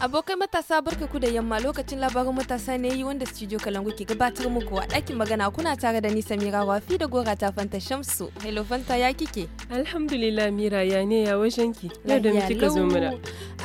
abokai matasa barka ku da yamma lokacin labarin matasa ne yi wanda studio kalangu ke gabatar muku a ɗakin magana kuna tare da nisa mira wafi da gora ta fanta shamsu hello fanta ya kike alhamdulillah mira ya ne ya wajen ki yau da muke ka zo mura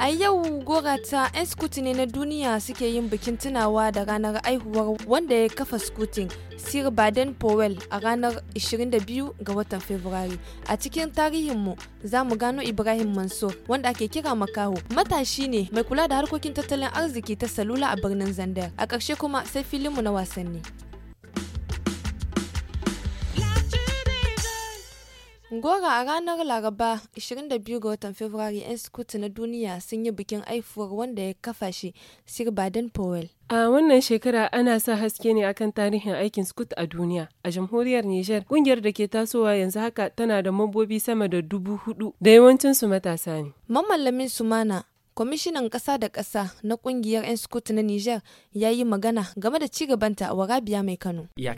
A yau gorata 'yan skuti ne na duniya suke yin bikin tunawa da ranar aihuwar wanda ya kafa skutin Sir Baden Powell a ranar 22 ga watan Fabrairu. A cikin tarihinmu za mu gano Ibrahim Mansur wanda ake kira makaho. Matashi ne mai kula da harkokin tattalin arziki ta salula a birnin Zandar. A ƙarshe kuma sai filinmu na wasanni. Gora a ranar Laraba 22 ga watan Fabrairu 'yan sukutu na duniya sun yi bikin aifuwar wanda ya kafa shi Sir Baden Powell. A wannan shekara ana sa haske ne akan tarihin aikin Scout a duniya. A jamhuriyar Nijar, kungiyar da ke tasowa yanzu haka tana da mambobi sama da dubu hudu da yawancinsu matasa ne. Mamallamin Sumana kwamishinan ƙasa da kasa na ƙungiyar 'yan sukutu na niger ya yi magana game da ci gabanta a Warabiya mai Kano. 'Yan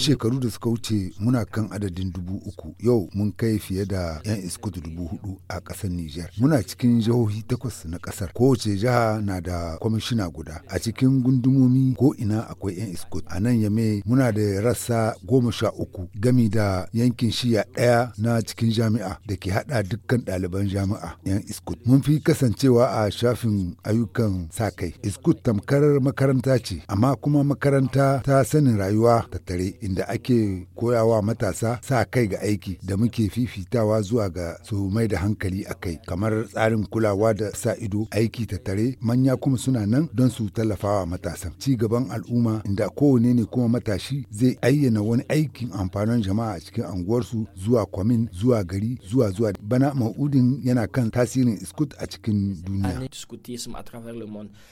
shekaru da suka wuce muna kan adadin dubu uku yau mun kai fiye da 'yan iskutu dubu hudu a ƙasar niger Muna cikin jihohi takwas na ƙasar. Kowace jiha na da kwamishina guda. A cikin gundumomi ko ina akwai 'yan iskut. A nan Yame muna da rassa goma sha uku gami da yankin shiya ɗaya na cikin jami'a da ke haɗa dukkan ɗaliban jami'a 'yan iskut. Mun fi kasancewa a shafin ayyukan sa-kai. Iskut tamkar makaranta ce, amma kuma makaranta ta sanin rayuwa ta-tare inda ake koyawa matasa sa-kai ga aiki da muke fifitawa zuwa ga su mai da hankali a kai, kamar tsarin kulawa da sa-ido aiki ta-tare manya kuma suna nan don su tallafawa matasan. Ci gaban al'umma inda kowane ne kuma matashi zai ayyana wani aikin amfanin jama'a a cikin anguwarsu zuwa kwamin zuwa gari zuwa zuwa bana ma'udin yana kan tasirin iskut a cikin duniya.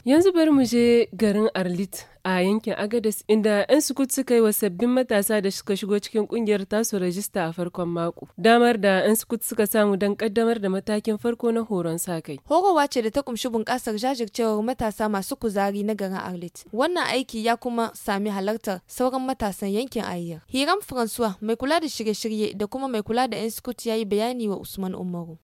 Yanzu bari mu je garin Arlit a yankin Agadis, inda 'yan sukut suka yi wa sabbin matasa da suka shigo cikin kungiyar tasu rajista a farkon mako. Damar da 'yan sukut suka samu don kaddamar da matakin farko na horon sa kai. Horowa ce da ta kumshi bunƙasar jajircewar matasa masu kuzari na garin Arlit. Wannan aiki ya kuma sami halartar sauran matasan yankin Ayyar. Hiram Francois mai kula da shirye-shirye da kuma mai kula da 'yan sukut ya yi bayani wa Usman Umaru.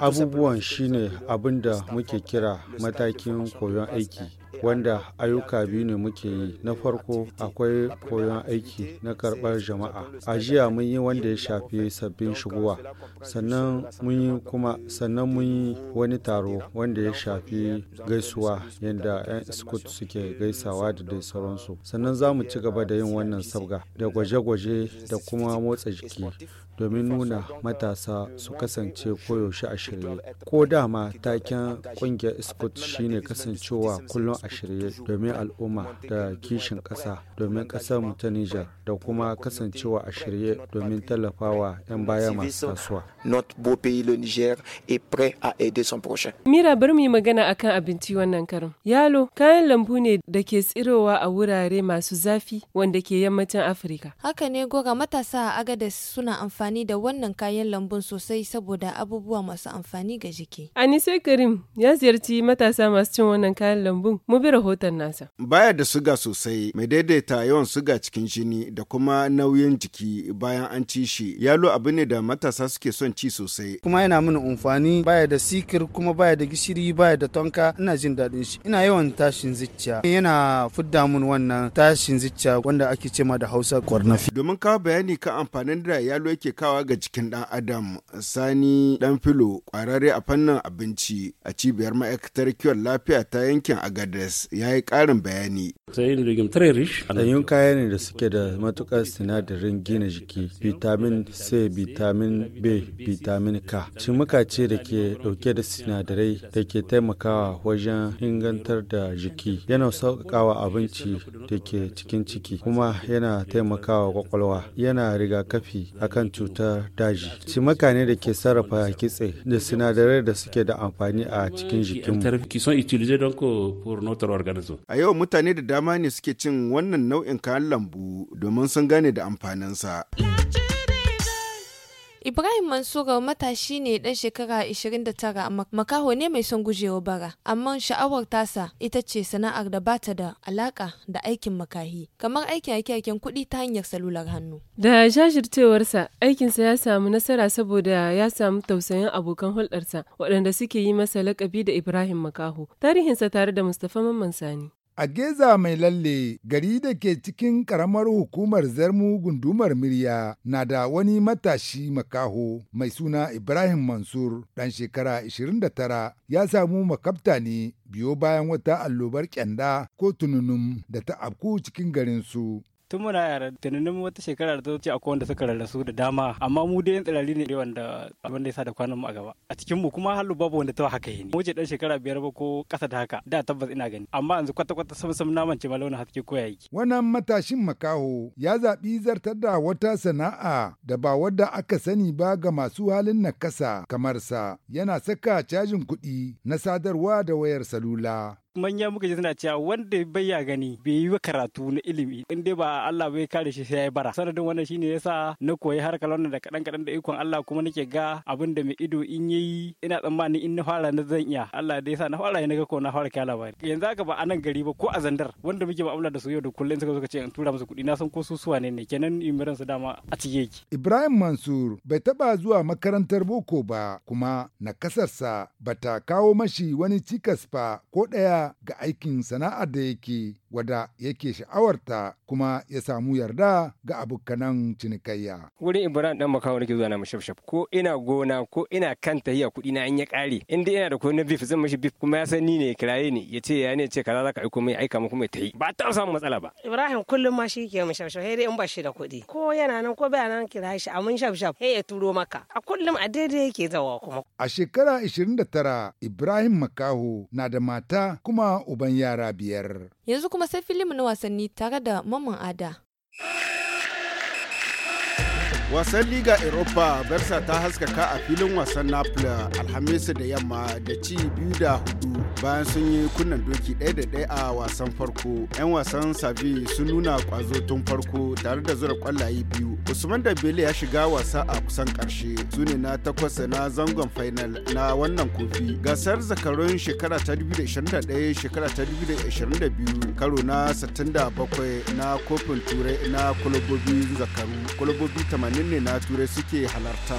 Abubuwan shine abin da muke kira matakin koyon aiki wanda ayyuka biyu ne muke yi na farko akwai koyon aiki na karɓar jama'a a jiya mun yi wanda ya shafi sabbin shigowa sannan mun yi kuma sannan mun yi wani taro wanda ya shafi gaisuwa yadda 'yan scout suke gaisawa da dai sauransu sannan za mu ci gaba da yin wannan sabga da gwaje-gwaje da kuma motsa jiki domin nuna matasa su kasance koyaushe a shirye ko dama taken kungiyar scott shine kasancewa kullum a shirye domin al'umma da kishin ƙasa domin ƙasar mu da kuma kasancewa a shirye domin tallafawa 'yan baya masu kasuwa mira bar mu magana akan abinci wannan karin yalo kayan lambu ne da ke tsirowa a wurare masu zafi wanda ke yammacin afirka haka ne goga matasa a agades suna amfani amfani da wannan kayan lambun sosai saboda abubuwa masu amfani ga jiki. Anise Karim ya ziyarci matasa masu cin wannan kayan lambun mu bi rahoton nasa. Baya da suga sosai mai daidaita yawan suga cikin jini da kuma nauyin jiki bayan an ci shi yalo abu ne da matasa suke son ci sosai. Kuma yana mini amfani baya da sikir kuma baya da gishiri baya da tonka ina jin daɗin shi ina yawan tashin zuciya yana fidda mun wannan tashin zuciya wanda ake cema da Hausa kwarnafi. Domin kawo bayani kan amfanin da yalo yake taimakawa ga cikin ɗan adam sani ɗan filo ƙwararre a fannin abinci a cibiyar ma'aikatar kiwon lafiya ta yankin agades ya yi ƙarin bayani ɗanyun kayan da suke da matukar sinadarin gina jiki vitamin c vitamin b vitamin k cimuka ce da ke dauke da sinadarai da ke taimakawa wajen ingantar da jiki yana sauƙaƙawa abinci da ke cikin ciki kuma yana taimakawa kwakwalwa yana rigakafi akan cuta cutar daji cimaka makane da ke sarrafa kitse da sinadarai da suke da amfani a cikin jikinmu a yau mutane da dama ne suke cin wannan nau'in kayan lambu domin sun gane da amfaninsa. Ibrahim Mansura matashi ne dan shekara 29 makaho ne mai son gujewa bara, amma sha'awar tasa ita ce sana'ar da bata da alaka da aikin makahi, kamar aikin aikin kuɗi ta hanyar salular hannu. Da jajircewarsa, aikinsa ya samu nasara saboda ya samu tausayin abokan hulɗarsa waɗanda suke yi masa lakabi da Ibrahim Makaho. Tarihinsa tare da Mustapha Mamman Sani. A Geza mai lalle gari da ke cikin ƙaramar hukumar Zarmu gundumar Murya na da wani matashi makaho mai suna Ibrahim Mansur ɗan shekara 29 ya samu makabta ne biyo bayan wata allobar kyanda ko tununum da ta afku cikin garinsu. tun muna yara tunanin wata shekara da ta wuce akwai wanda suka rarrasu da dama amma mu dai yan tsirari ne wanda wanda ya sa da kwanan mu a gaba a cikin mu kuma halu babu wanda ta haka yi ne wuce dan shekara biyar ba ko kasa da haka da tabbas ina gani amma yanzu kwata kwata sam sam naman ce malauna haske ko yayi wannan matashin makaho ya zabi zartar da wata sana'a da ba wadda aka sani ba ga masu halin nakasa kamar sa yana saka cajin kuɗi na sadarwa da wayar salula manya muka ji suna cewa wanda bai ya gani bai yi karatu na ilimi in dai ba Allah bai kare shi sai ya bara sanadin wannan shine yasa na koyi harkar wannan da kadan kadan da ikon Allah kuma nake ga abin da mai ido in yayi ina tsammanin in na fara na zan iya Allah da yasa na fara ne ga ko na fara kai labari yanzu haka ba anan nan gari ba ko a zandar wanda muke mu'amala da su yau da kullum suka suka ce in tura musu kudi na san ko su suwa ne ne kenan imiran su dama a cike yake Ibrahim Mansur bai taba zuwa makarantar boko ba kuma nakasarsa bata kawo mashi wani cikas ba ko daya ga aikin sana'ar da yake wada yake sha'awarta kuma ya samu yarda ga abokanan cinikayya. Wurin Ibrahim dan makawo nake zuwa na mu shafshaf ko ina gona ko ina kan tahiya kuɗi na an ya ƙare in dai ina da kuɗi na bif zan mashi bif kuma ya san ni ne kiraye ne ya ce ya ne ce kaza ka aiko mai aika kuma ta yi ba ta samu matsala ba. Ibrahim kullum ma shi ke mu shafshaf dai in ba shi da kuɗi ko yana nan ko bai nan kira shi a mun shafshaf sai ya turo maka a kullum a daidai yake zawa kuma. A shekara 29 Ibrahim Makaho na da mata kuma kuma uban yara biyar. Yanzu kuma sai filim na wasanni tare da Mamman Ada. wasan liga europa barsa ta haskaka a filin wasan napoli alhamis da yamma da ci biyu da hudu bayan sun yi kunnen doki ɗaya da ɗaya a wasan farko 'yan wasan sabi sun nuna kwazo tun farko tare da zura kwallaye biyu usman da bele ya shiga wasa a kusan ƙarshe su ne na takwas na zangon final na wannan kofi gasar zakarun shekara ta 2021 shekara ta 2022 karo na 67 na kofin turai na kulobobi zakaru kulobobi 80 ne na turai suke halarta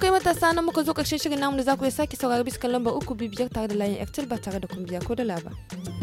kai matasa na muka zo karshen shirin namu da za ku sake saurari bisa ba uku biyar tare da layin ftl ba tare da kumbiya ko da laba.